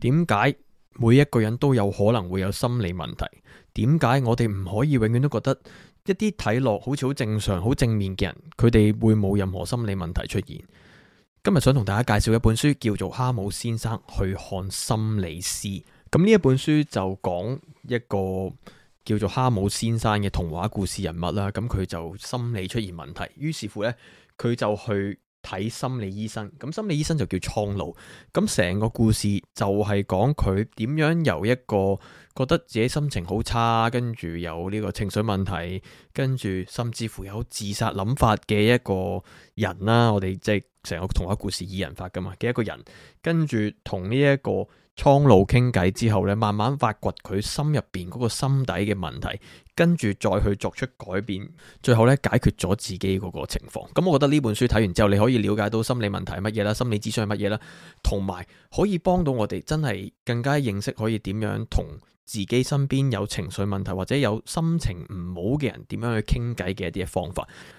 點解每一個人都有可能會有心理問題？點解我哋唔可以永遠都覺得一啲睇落好似好正常、好正面嘅人，佢哋會冇任何心理問題出現？今日想同大家介紹一本書，叫做《哈姆先生去看心理師》。咁呢一本書就講一個叫做哈姆先生嘅童話故事人物啦。咁佢就心理出現問題，於是乎呢，佢就去。睇心理醫生，咁心理醫生就叫蒼鷺，咁成個故事就係講佢點樣由一個覺得自己心情好差，跟住有呢個情緒問題，跟住甚至乎有自殺諗法嘅一個人啦。我哋即係成個童話故事二人發蛤蟆嘅一個人，跟住同呢一個蒼鷺傾偈之後咧，慢慢發掘佢心入邊嗰個心底嘅問題，跟住再去作出改變，最後咧解決咗自己嗰個情況。咁、嗯、我覺得呢本書睇完之後，你可以了解到心理問題係乜嘢啦，心理諮詢係乜嘢啦，同埋可以幫到我哋真係更加認識可以點樣同自己身邊有情緒問題或者有心情唔好嘅人點樣去傾偈嘅一啲方法。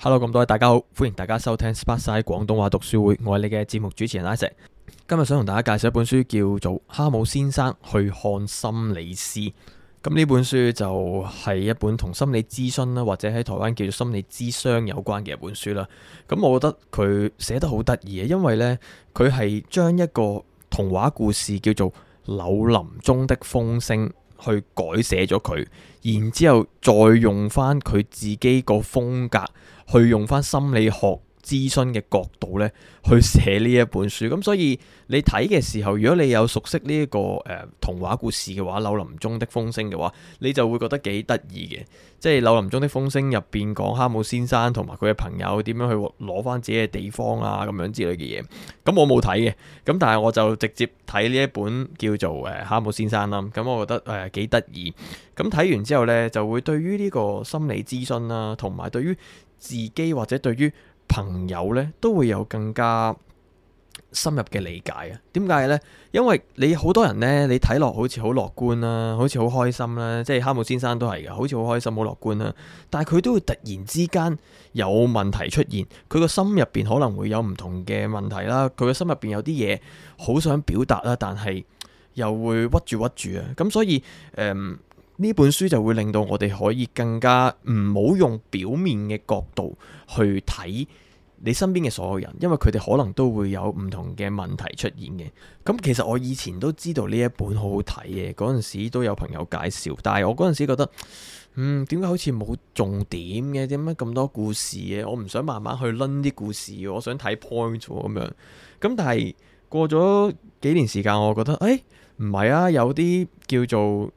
hello，咁多位大家好，歡迎大家收聽 Sparksine 廣東話讀書會，我係你嘅節目主持人阿石，今日想同大家介紹一本書，叫做《哈姆先生去看心理師》。咁呢本書就係一本同心理諮詢啦，或者喺台灣叫做心理諮商有關嘅一本書啦。咁我覺得佢寫得好得意啊，因為呢，佢係將一個童話故事叫做《柳林中的風聲》去改寫咗佢。然之後再用翻佢自己個風格，去用翻心理學諮詢嘅角度呢，去寫呢一本書，咁所以你睇嘅時候，如果你有熟悉呢、這、一個誒、呃、童話故事嘅話，《柳林中的風聲》嘅話，你就會覺得幾得意嘅。即係《柳林中的風聲》入邊講蛤蟆先生同埋佢嘅朋友點樣去攞返自己嘅地方啊，咁樣之類嘅嘢。咁我冇睇嘅，咁但係我就直接睇呢一本叫做《誒蛤蟆先生》啦。咁我覺得誒幾得意。咁、呃、睇完之後呢，就會對於呢個心理諮詢啦、啊，同埋對於自己或者對於朋友呢，都會有更加深入嘅理解啊。點解呢？因為你好多人呢，你睇落好似好樂觀啦，好似好開心啦，即係哈姆先生都係㗎，好似好開心、好樂觀啦。但係佢都會突然之間有問題出現，佢個心入邊可能會有唔同嘅問題啦。佢個心入邊有啲嘢好想表達啦，但係又會屈住屈住啊。咁所以誒。嗯呢本書就會令到我哋可以更加唔好用表面嘅角度去睇你身邊嘅所有人，因為佢哋可能都會有唔同嘅問題出現嘅。咁、嗯、其實我以前都知道呢一本好好睇嘅，嗰陣時都有朋友介紹，但係我嗰陣時覺得，嗯，點解好似冇重點嘅？點解咁多故事嘅？我唔想慢慢去拎啲故事，我想睇 point 咁樣。咁、嗯、但係過咗幾年時間，我覺得，誒、哎，唔係啊，有啲叫做。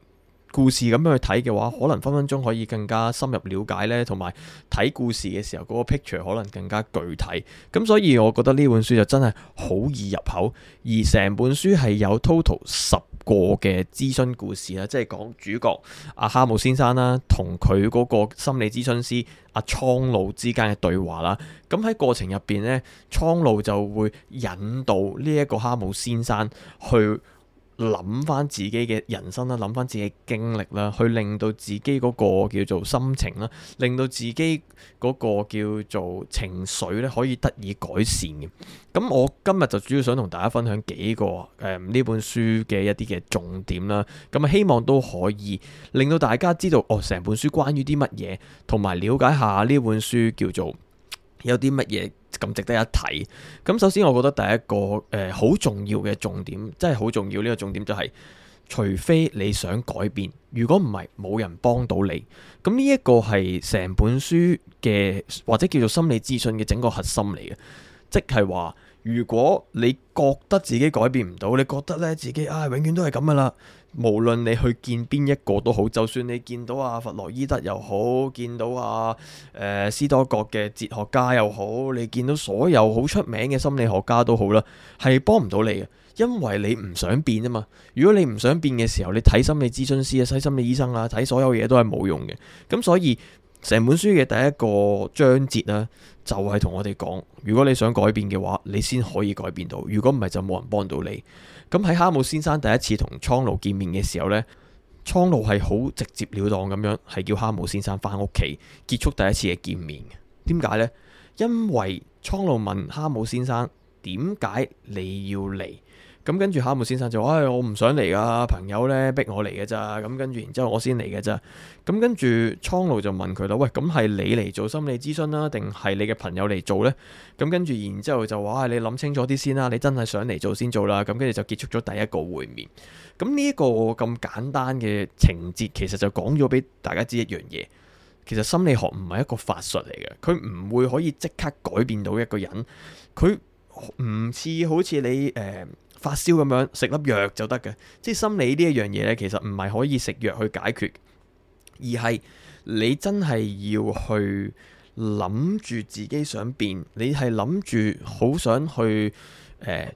故事咁樣去睇嘅話，可能分分鐘可以更加深入了解呢。同埋睇故事嘅時候嗰個 picture 可能更加具體。咁所以我覺得呢本書就真係好易入口，而成本書係有 total 十個嘅諮詢故事啦，即係講主角阿哈姆先生啦，同佢嗰個心理諮詢師阿蒼鷺之間嘅對話啦。咁喺過程入邊呢，蒼鷺就會引導呢一個哈姆先生去。諗翻自己嘅人生啦，諗翻自己經歷啦，去令到自己嗰個叫做心情啦，令到自己嗰個叫做情緒咧可以得以改善嘅。咁我今日就主要想同大家分享幾個誒呢、呃、本書嘅一啲嘅重點啦。咁啊，希望都可以令到大家知道哦，成本書關於啲乜嘢，同埋了解下呢本書叫做。有啲乜嘢咁值得一睇？咁首先，我覺得第一個誒好重要嘅重點，真係好重要呢個重點就係除非你想改變，如果唔係冇人幫到你。咁呢一個係成本書嘅或者叫做心理諮詢嘅整個核心嚟嘅，即係話。如果你覺得自己改變唔到，你覺得咧自己啊永遠都係咁嘅啦，無論你去見邊一個都好，就算你見到阿、啊、弗洛伊德又好，見到阿、啊呃、斯多葛嘅哲學家又好，你見到所有好出名嘅心理學家都好啦，係幫唔到你嘅，因為你唔想變啊嘛。如果你唔想變嘅時候，你睇心理諮詢師啊、睇心理醫生啊、睇所有嘢都係冇用嘅。咁所以。成本書嘅第一個章節呢，就係同我哋講，如果你想改變嘅話，你先可以改變到；如果唔係，就冇人幫到你。咁喺哈姆先生第一次同蒼鷺見面嘅時候呢，蒼鷺係好直接了當咁樣，係叫哈姆先生返屋企結束第一次嘅見面嘅。點解呢？因為蒼鷺問哈姆先生，點解你要嚟？咁跟住蛤蟆先生就話，唉、哎，我唔想嚟㗎，朋友呢逼我嚟嘅咋。咁跟住，然之後我先嚟嘅咋。咁跟住，蒼鷺就問佢啦，喂，咁係你嚟做心理諮詢啦、啊，定係你嘅朋友嚟做呢？」咁跟住，然之後就話、哎，你諗清楚啲先啦、啊，你真係想嚟做先做啦、啊。咁跟住就結束咗第一個會面。咁呢一個咁簡單嘅情節，其實就講咗俾大家知一樣嘢。其實心理學唔係一個法術嚟嘅，佢唔會可以即刻改變到一個人。佢唔似好似你誒。呃發燒咁樣食粒藥就得嘅，即係心理呢一樣嘢呢，其實唔係可以食藥去解決，而係你真係要去諗住自己想變，你係諗住好想去、呃、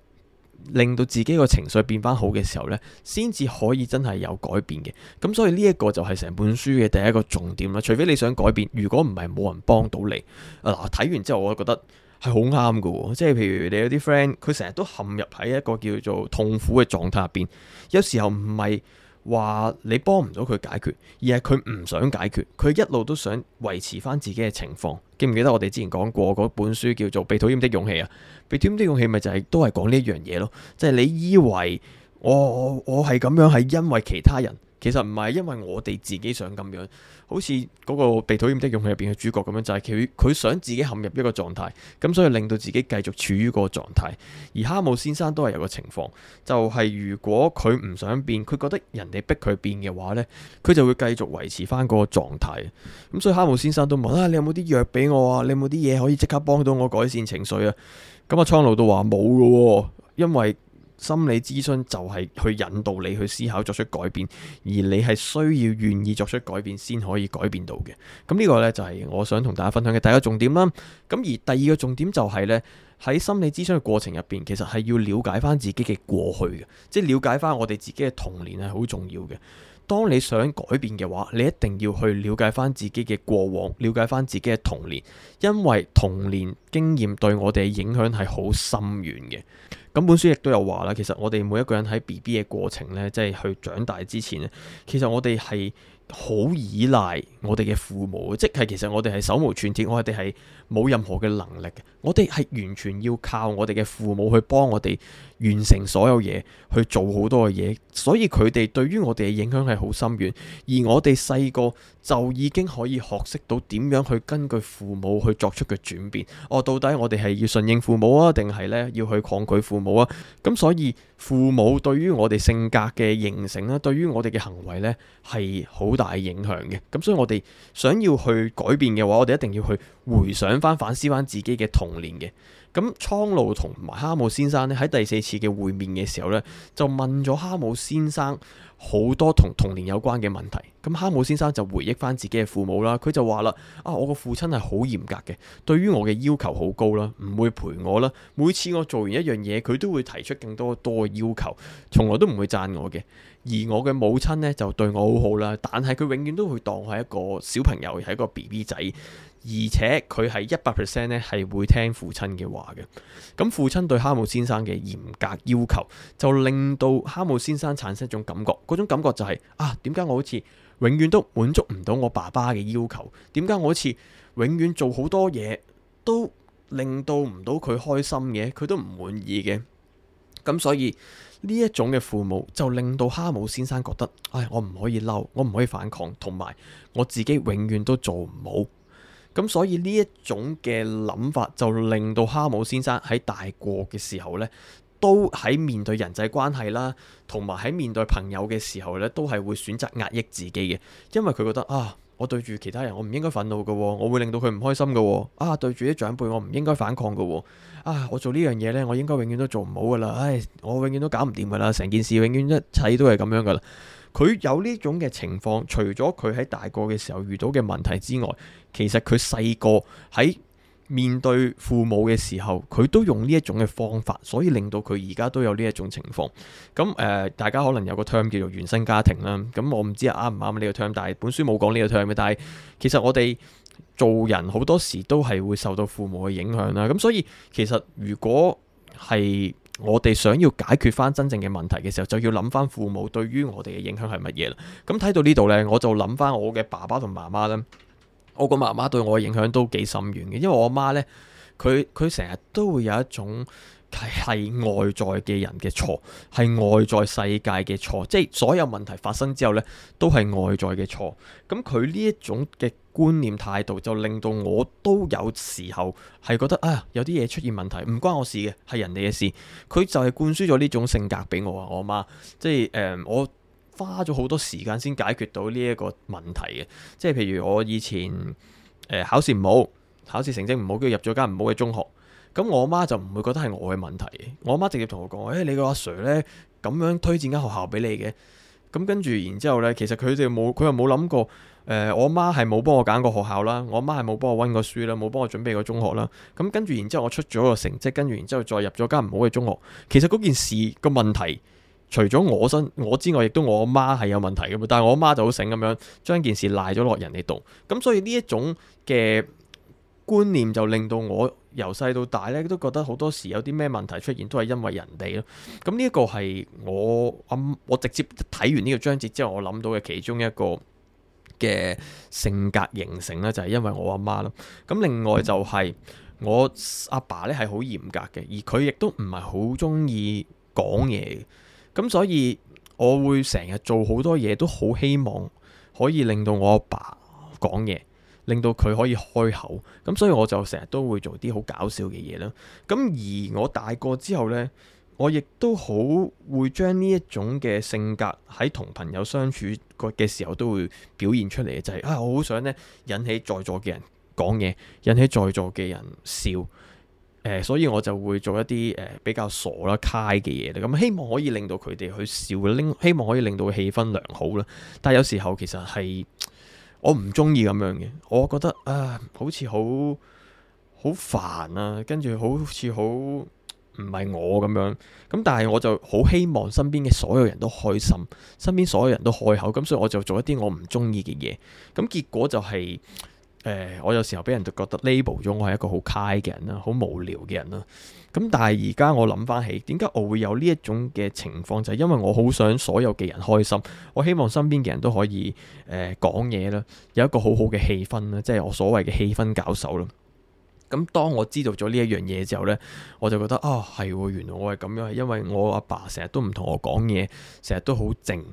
令到自己個情緒變翻好嘅時候呢，先至可以真係有改變嘅。咁所以呢一個就係成本書嘅第一個重點啦。除非你想改變，如果唔係冇人幫到你。嗱，睇完之後我都覺得，係好啱嘅，即係譬如你有啲 friend，佢成日都陷入喺一個叫做痛苦嘅狀態入邊，有時候唔係話你幫唔到佢解決，而係佢唔想解決，佢一路都想維持翻自己嘅情況。記唔記得我哋之前講過嗰本書叫做《被討厭的勇氣》啊？《被討厭的勇氣》咪就係都係講呢一樣嘢咯，即係你以為我我我係咁樣係因為其他人。其實唔係因為我哋自己想咁樣，好似嗰個被討厭的勇氣入邊嘅主角咁樣，就係佢佢想自己陷入一個狀態，咁所以令到自己繼續處於個狀態。而哈姆先生都係有個情況，就係、是、如果佢唔想變，佢覺得人哋逼佢變嘅話呢，佢就會繼續維持翻個狀態。咁所以哈姆先生都問啊，你有冇啲藥俾我啊？你有冇啲嘢可以即刻幫到我改善情緒啊？咁啊，蒼鷺都話冇噶，因為。心理諮詢就係去引導你去思考，作出改變，而你係需要願意作出改變先可以改變到嘅。咁呢個呢，就係我想同大家分享嘅第一個重點啦。咁而第二個重點就係呢，喺心理諮詢嘅過程入邊，其實係要了解翻自己嘅過去嘅，即係了解翻我哋自己嘅童年係好重要嘅。當你想改變嘅話，你一定要去了解翻自己嘅過往，了解翻自己嘅童年，因為童年經驗對我哋嘅影響係好深遠嘅。咁本書亦都有話啦，其實我哋每一個人喺 BB 嘅過程呢，即係去長大之前呢，其實我哋係好依賴我哋嘅父母，即係其實我哋係手無寸鐵，我哋係冇任何嘅能力嘅，我哋係完全要靠我哋嘅父母去幫我哋完成所有嘢，去做好多嘅嘢，所以佢哋對於我哋嘅影響係好深遠。而我哋細個就已經可以學識到點樣去根據父母去作出嘅轉變。哦，到底我哋係要順應父母啊，定係呢要去抗拒父母啊？咁所以父母對於我哋性格嘅形成啦，對於我哋嘅行為呢，係好。好大影響嘅，咁所以我哋想要去改變嘅話，我哋一定要去回想返、反思返自己嘅童年嘅。咁蒼鷺同埋哈姆先生咧，喺第四次嘅會面嘅時候呢，就問咗哈姆先生好多同童年有關嘅問題。咁哈姆先生就回憶翻自己嘅父母啦。佢就話啦：啊，我個父親係好嚴格嘅，對於我嘅要求好高啦，唔會陪我啦。每次我做完一樣嘢，佢都會提出更多多嘅要求，從來都唔會讚我嘅。而我嘅母親呢，就對我好好啦，但係佢永遠都會當我係一個小朋友，係一個 B B 仔。而且佢係一百 percent 咧，係會聽父親嘅話嘅。咁父親對蛤蟆先生嘅嚴格要求，就令到蛤蟆先生產生一種感覺，嗰種感覺就係啊，點解我好似永遠都滿足唔到我爸爸嘅要求？點解我好似永遠做好多嘢都令到唔到佢開心嘅，佢都唔滿意嘅？咁所以呢一種嘅父母就令到蛤蟆先生覺得，唉，我唔可以嬲，我唔可以反抗，同埋我自己永遠都做唔好。咁所以呢一種嘅諗法就令到哈姆先生喺大個嘅時候呢，都喺面對人際關係啦，同埋喺面對朋友嘅時候呢，都係會選擇壓抑自己嘅，因為佢覺得啊，我對住其他人我唔應該憤怒㗎喎，我會令到佢唔開心㗎喎，啊對住啲長輩我唔應該反抗㗎喎，啊我做呢樣嘢呢，我應該永遠都做唔好噶啦，唉我永遠都搞唔掂噶啦，成件事永遠一切都係咁樣噶啦。佢有呢種嘅情況，除咗佢喺大個嘅時候遇到嘅問題之外，其實佢細個喺面對父母嘅時候，佢都用呢一種嘅方法，所以令到佢而家都有呢一種情況。咁誒、呃，大家可能有個 term 叫做原生家庭啦。咁我唔知啱唔啱呢個 term，但係本書冇講呢個 term 嘅。但係其實我哋做人好多時都係會受到父母嘅影響啦。咁所以其實如果係我哋想要解決翻真正嘅問題嘅時候，就要諗翻父母對於我哋嘅影響係乜嘢啦。咁、嗯、睇到呢度呢，我就諗翻我嘅爸爸同媽媽咧，我個媽媽對我嘅影響都幾深遠嘅，因為我媽呢，佢佢成日都會有一種，係外在嘅人嘅錯，係外在世界嘅錯，即係所有問題發生之後呢，都係外在嘅錯。咁佢呢一種嘅觀念態度，就令到我都有時候係覺得啊，有啲嘢出現問題唔關我事嘅，係人哋嘅事。佢就係灌輸咗呢種性格俾我啊！我媽，即係誒、呃，我花咗好多時間先解決到呢一個問題嘅。即係譬如我以前、呃、考試唔好，考試成績唔好，跟住入咗間唔好嘅中學。咁我阿媽就唔會覺得係我嘅問題，我阿媽直接同我講：誒、欸，你個阿 Sir 呢咁樣推薦間學校俾你嘅，咁、嗯、跟住，然之後呢，其實佢哋冇，佢又冇諗過，誒、呃，我阿媽係冇幫我揀過學校啦，我阿媽係冇幫我温過書啦，冇幫我準備過中學啦。咁、嗯、跟住，然之後我出咗個成績，跟住然之後再入咗間唔好嘅中學。其實嗰件事個問題，除咗我身我之外，亦都我阿媽係有問題嘅嘛。但係我阿媽就好醒咁樣將件事賴咗落人哋度。咁、嗯、所以呢一種嘅觀念就令到我由細到大咧，都覺得好多時有啲咩問題出現都係因為人哋咯。咁呢一個係我我直接睇完呢個章節之後，我諗到嘅其中一個嘅性格形成咧，就係因為我阿媽咯。咁另外就係我阿爸咧，係好嚴格嘅，而佢亦都唔係好中意講嘢。咁所以我會成日做好多嘢，都好希望可以令到我阿爸講嘢。令到佢可以開口，咁所以我就成日都會做啲好搞笑嘅嘢啦。咁而我大個之後呢，我亦都好會將呢一種嘅性格喺同朋友相處嘅時候都會表現出嚟嘅，就係、是、啊、哎，我好想呢引起在座嘅人講嘢，引起在座嘅人笑。誒、呃，所以我就會做一啲誒、呃、比較傻啦、啓嘅嘢啦。咁希望可以令到佢哋去笑，希望可以令到氣氛良好啦。但係有時候其實係。我唔中意咁樣嘅，我覺得啊，好似好好煩啊，跟住好似好唔係我咁樣，咁但係我就好希望身邊嘅所有人都開心，身邊所有人都開口，咁所以我就做一啲我唔中意嘅嘢，咁結果就係。誒、哎，我有時候俾人就覺得 label 咗我係一個好 high 嘅人啦，好無聊嘅人啦。咁但係而家我諗翻起，點解我會有呢一種嘅情況？就係、是、因為我好想所有嘅人開心，我希望身邊嘅人都可以誒、呃、講嘢啦，有一個好好嘅氣氛啦，即係我所謂嘅氣氛搞手啦。咁當我知道咗呢一樣嘢之後呢，我就覺得啊，係、哦，原來我係咁樣，係因為我阿爸成日都唔同我講嘢，成日都好靜，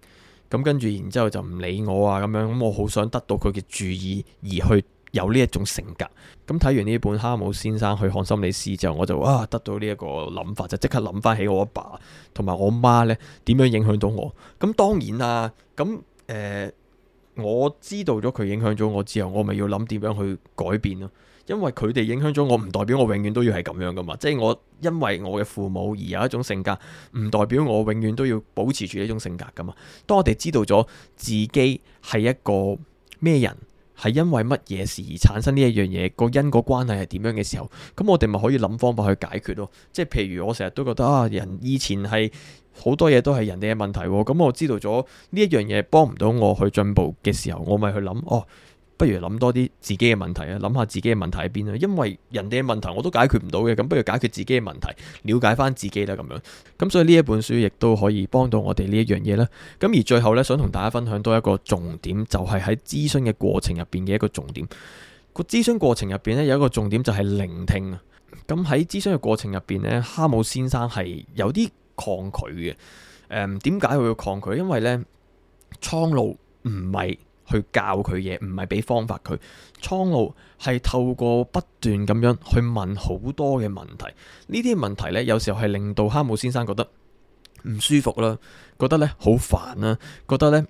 咁跟住然之後就唔理我啊咁樣，咁我好想得到佢嘅注意而去，有呢一種性格，咁睇完呢本《蛤蟆先生去看心理師》之後，我就啊得到呢一個諗法，就即刻諗翻起我阿爸同埋我媽呢點樣影響到我。咁當然啦，咁誒、呃、我知道咗佢影響咗我之後，我咪要諗點樣去改變咯。因為佢哋影響咗我，唔代表我永遠都要係咁樣噶嘛。即係我因為我嘅父母而有一種性格，唔代表我永遠都要保持住呢種性格噶嘛。當我哋知道咗自己係一個咩人，係因為乜嘢事而產生呢一樣嘢，個因果關係係點樣嘅時候，咁我哋咪可以諗方法去解決咯。即係譬如我成日都覺得啊，人以前係好多嘢都係人哋嘅問題，咁、嗯、我知道咗呢一樣嘢幫唔到我去進步嘅時候，我咪去諗哦。不如諗多啲自己嘅問題啊，諗下自己嘅問題喺邊啦。因為人哋嘅問題我都解決唔到嘅，咁不如解決自己嘅問題，了解翻自己啦。咁樣，咁所以呢一本書亦都可以幫到我哋呢一樣嘢啦。咁而最後呢，想同大家分享多一個重點，就係喺諮詢嘅過程入邊嘅一個重點。個諮詢過程入邊呢，有一個重點就係聆聽。咁喺諮詢嘅過程入邊呢，哈姆先生係有啲抗拒嘅。誒、嗯，點解會抗拒？因為呢，蒼鷺唔係。去教佢嘢，唔係俾方法佢。蒼鷺，係透過不斷咁樣去問好多嘅問題，呢啲問題呢，有時候係令到哈姆先生覺得唔舒服啦，覺得呢好煩啦，覺得呢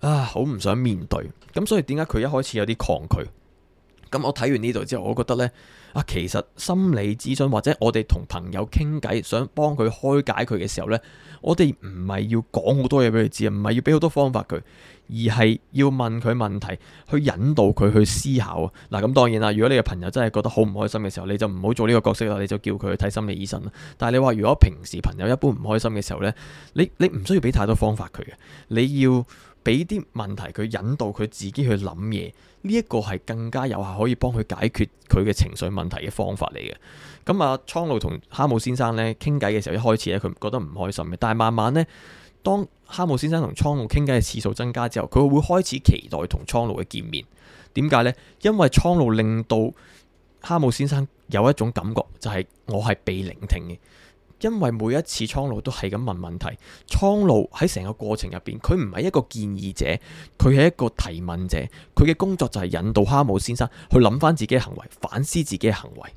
啊好唔想面對。咁所以點解佢一開始有啲抗拒？咁我睇完呢度之後，我覺得呢，啊，其實心理諮詢或者我哋同朋友傾偈，想幫佢開解佢嘅時候呢，我哋唔係要講好多嘢俾佢知啊，唔係要俾好多方法佢，而係要問佢問題，去引導佢去思考啊。嗱，咁當然啦，如果你嘅朋友真係覺得好唔開心嘅時候，你就唔好做呢個角色啦，你就叫佢去睇心理醫生啦。但係你話如果平時朋友一般唔開心嘅時候呢，你你唔需要俾太多方法佢嘅，你要。俾啲問題佢引導佢自己去諗嘢，呢一個係更加有效可以幫佢解決佢嘅情緒問題嘅方法嚟嘅。咁啊，蒼鷺同哈姆先生咧傾偈嘅時候，一開始咧佢覺得唔開心嘅，但係慢慢呢，當哈姆先生同蒼鷺傾偈嘅次數增加之後，佢會開始期待同蒼鷺嘅見面。點解呢？因為蒼鷺令到哈姆先生有一種感覺，就係我係被聆聽嘅。因為每一次蒼鷺都係咁問問題，蒼鷺喺成個過程入邊，佢唔係一個建議者，佢係一個提問者，佢嘅工作就係引導哈姆先生去諗翻自己嘅行為，反思自己嘅行為。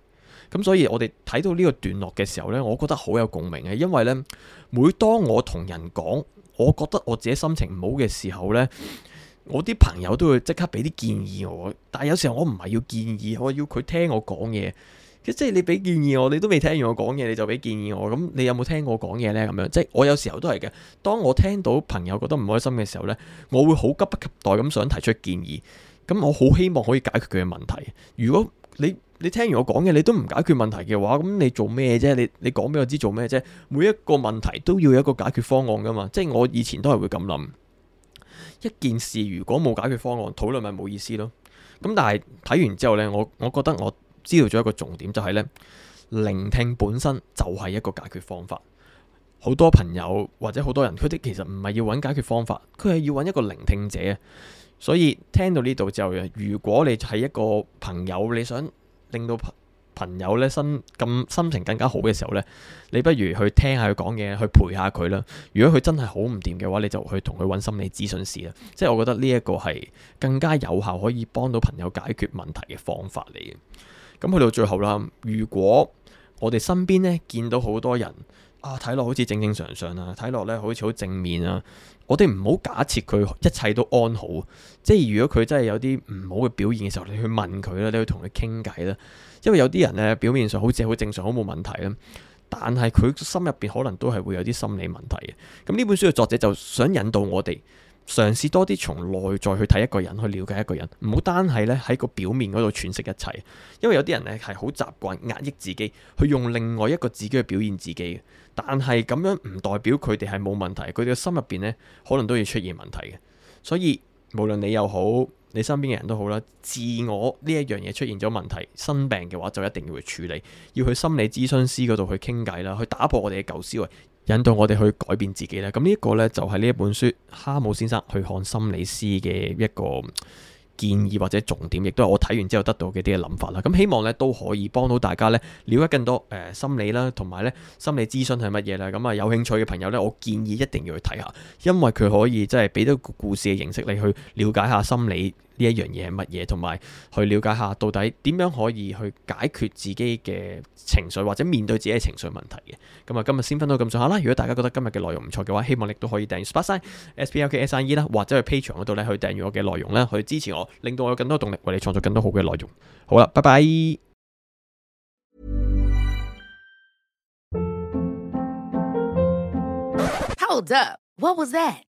咁所以我哋睇到呢個段落嘅時候呢，我覺得好有共鳴嘅，因為呢，每當我同人講，我覺得我自己心情唔好嘅時候呢，我啲朋友都會即刻俾啲建議我，但係有時候我唔係要建議，我要佢聽我講嘢。即係你俾建議我，你都未聽完我講嘢，你就俾建議我。咁你有冇聽我講嘢呢？咁樣即係我有時候都係嘅。當我聽到朋友覺得唔開心嘅時候呢，我會好急不及待咁想提出建議。咁我好希望可以解決佢嘅問題。如果你你聽完我講嘢，你都唔解決問題嘅話，咁你做咩啫？你你講俾我知做咩啫？每一個問題都要有一個解決方案㗎嘛。即係我以前都係會咁諗。一件事如果冇解決方案，討論咪冇意思咯。咁但係睇完之後呢，我我覺得我知道咗一個重點，就係呢，聆聽本身就係一個解決方法。好多朋友或者好多人，佢哋其實唔係要揾解決方法，佢係要揾一個聆聽者。所以聽到呢度之後，如果你係一個朋友，你想令到朋友呢，心咁心情更加好嘅時候呢，你不如去聽下佢講嘢，去陪下佢啦。如果佢真係好唔掂嘅話，你就去同佢揾心理諮詢師啦。即係我覺得呢一個係更加有效可以幫到朋友解決問題嘅方法嚟嘅。咁去到最後啦，如果我哋身邊咧見到好多人啊，睇落好似正正常常啊，睇落咧好似好正面啊，我哋唔好假設佢一切都安好，即係如果佢真係有啲唔好嘅表現嘅時候，你去問佢啦，你去同佢傾偈啦，因為有啲人咧表面上好似好正常，好冇問題啦，但係佢心入邊可能都係會有啲心理問題嘅。咁呢本書嘅作者就想引導我哋。嘗試多啲從內在去睇一個人，去了解一個人，唔好單係咧喺個表面嗰度詮釋一切。因為有啲人咧係好習慣壓抑自己，去用另外一個自己去表現自己。但係咁樣唔代表佢哋係冇問題，佢哋嘅心入邊呢，可能都要出現問題嘅。所以無論你又好，你身邊嘅人都好啦，自我呢一樣嘢出現咗問題、生病嘅話，就一定要去處理，要去心理諮詢師嗰度去傾偈啦，去打破我哋嘅舊思維。引導我哋去改變自己咧，咁呢一個呢，就係呢一本書《哈姆先生去看心理師》嘅一個建議或者重點，亦都係我睇完之後得到嘅啲嘅諗法啦。咁希望呢，都可以幫到大家呢，瞭解更多誒、呃、心理啦，同埋呢心理諮詢係乜嘢啦。咁啊，有興趣嘅朋友呢，我建議一定要去睇下，因為佢可以即係俾到一個故事嘅形式，你去了解下心理。呢一樣嘢係乜嘢？同埋去了解下，到底點樣可以去解決自己嘅情緒，或者面對自己嘅情緒問題嘅？咁啊，今日先分享到咁上下啦。如果大家覺得今日嘅內容唔錯嘅話，希望你都可以訂閱 Sparksine S P A R K S I N E 啦，或者去 Patreon 嗰度咧去訂閱我嘅內容啦。去支持我，令到我有更多動力為你創造更多好嘅內容。好啦，拜拜。Hold up! What was that?